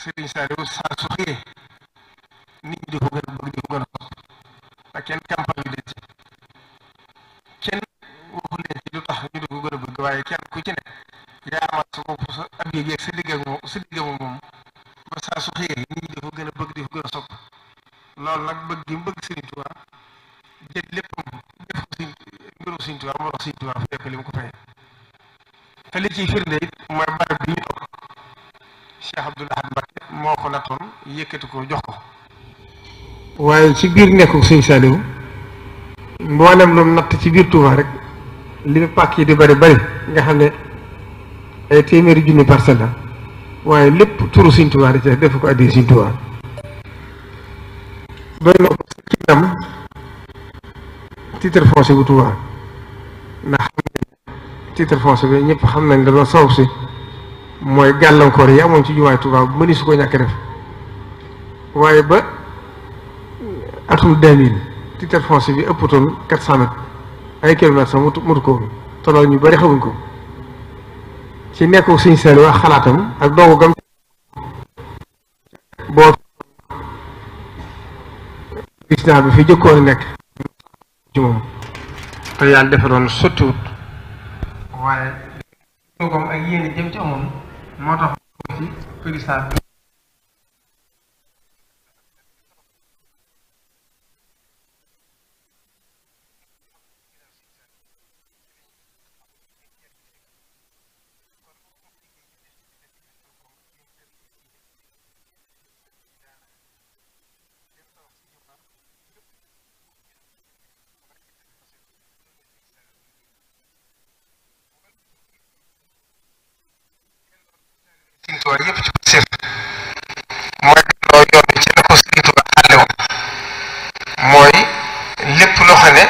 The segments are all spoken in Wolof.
Serigne Saliou saa su xëyee nit ñi di ko gën a bëgg di ko gën a xool te kenn campagne bi ci kenn waxu leen ci lu tax ñu di ko gën a bëgg waaye kenn ku ci ne yaa amal sa bopp sa ak yëgeeg sa liggéey moom sa liggéey moom ba saa su xëyee nit ñi di ko gën a bëgg di ko gën a sopp loolu nag bëgg gi mu bëgg Serigne Touba jël léppam def ko si mbirum Serigne Touba moo tax Serigne Touba fépp li mu ko fayee te li ciy firnde it mooy barab bi ñu topp. Cheikh Abdoul Ahad Mbacké moo ko nattoon yëkkati ko jox ko. waaye ci biir nekkul suñu Saliou mboolem lu natt ci biir Touba rek li mu pàkk yi di bari bari nga xam ne ay téeméeri junni parcelle la waaye lépp turu suñ Touba da cee def ko addi suñ Touba. doy na ci itam titre foncier bu Touba ndax xam ne titre foncier bi ñëpp xam nañ da doon si. mooy gàllankoor yi amoon ci jumaay Tuubaa mëni su ko ñàkk def waaye ba atum 2000 titre foncier bi ëppatoon 400 mètres ay kilomètres mutu mutu ko woon te loolu ñu bëri xamuñ ko ci nekku suñ seel xalaatam ak doogu gam boo président bi fi jëkkoon nekk ci moom te sottiwut waaye doogam ak yéen jëm ci amoon moo tax ci firi saar war yëpp ci sir mooy lépp loo xam ne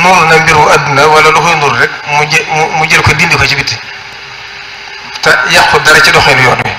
nuur na mbiru àdduna wala lu koy nuur rek mu jë mu jël ko dindi ko ci biti te yàqu dara ci doxinu yoon wi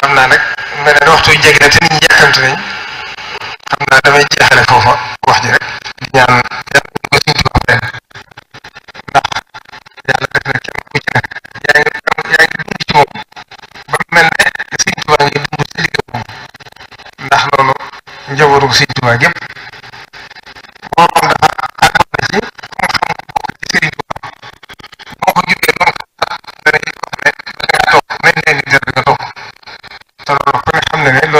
xam naa nag mel waxtu jege na te nit ñi yàkkamte nañ xam naa damay jeexale foofa wax ji rek Tuubaa gépp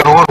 loolu